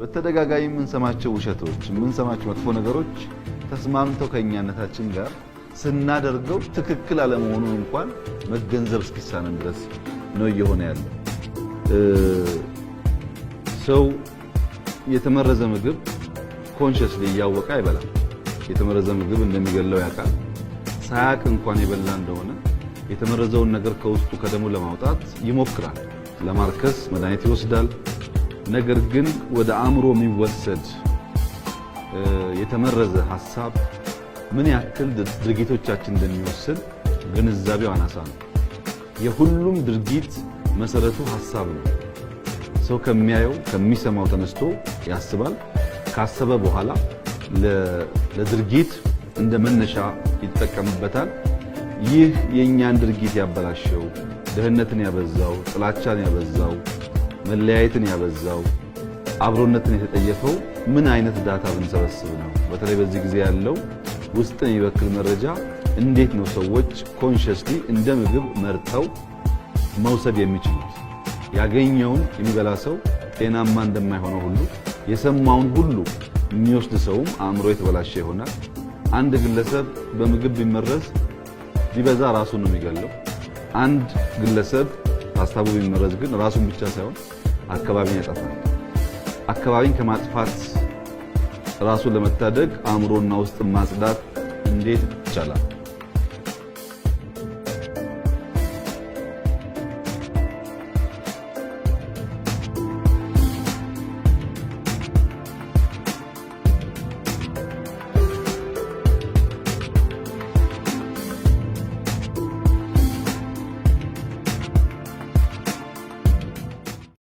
በተደጋጋሚ የምንሰማቸው ውሸቶች፣ የምንሰማቸው መጥፎ ነገሮች ተስማምተው ከእኛነታችን ጋር ስናደርገው ትክክል አለመሆኑን እንኳን መገንዘብ እስኪሳነን ድረስ ነው እየሆነ ያለ። ሰው የተመረዘ ምግብ ኮንሽስሊ እያወቀ አይበላም። የተመረዘ ምግብ እንደሚገለው ያውቃል። ሳያቅ እንኳን የበላ እንደሆነ የተመረዘውን ነገር ከውስጡ ከደሙ ለማውጣት ይሞክራል። ለማርከስ መድኃኒት ይወስዳል። ነገር ግን ወደ አእምሮ የሚወሰድ የተመረዘ ሀሳብ ምን ያክል ድርጊቶቻችን እንደሚወስን ግንዛቤው አናሳ ነው። የሁሉም ድርጊት መሰረቱ ሀሳብ ነው። ሰው ከሚያየው ከሚሰማው ተነስቶ ያስባል። ካሰበ በኋላ ለድርጊት እንደ መነሻ ይጠቀምበታል። ይህ የእኛን ድርጊት ያበላሸው፣ ድህነትን ያበዛው፣ ጥላቻን ያበዛው መለያየትን ያበዛው አብሮነትን የተጠየፈው ምን አይነት ዳታ ብንሰበስብ ነው? በተለይ በዚህ ጊዜ ያለው ውስጥን የሚበክል መረጃ እንዴት ነው ሰዎች ኮንሽስሊ እንደ ምግብ መርተው መውሰድ የሚችሉት? ያገኘውን የሚበላ ሰው ጤናማ እንደማይሆነው ሁሉ የሰማውን ሁሉ የሚወስድ ሰውም አእምሮ የተበላሸ ይሆናል። አንድ ግለሰብ በምግብ ቢመረዝ ቢበዛ ራሱን ነው የሚገለው። አንድ ግለሰብ ሀሳቡ ቢመረዝ ግን ራሱን ብቻ ሳይሆን አካባቢን ያጠፋል። አካባቢን ከማጥፋት ራሱን ለመታደግ አእምሮና ውስጥ ማጽዳት እንዴት ይቻላል?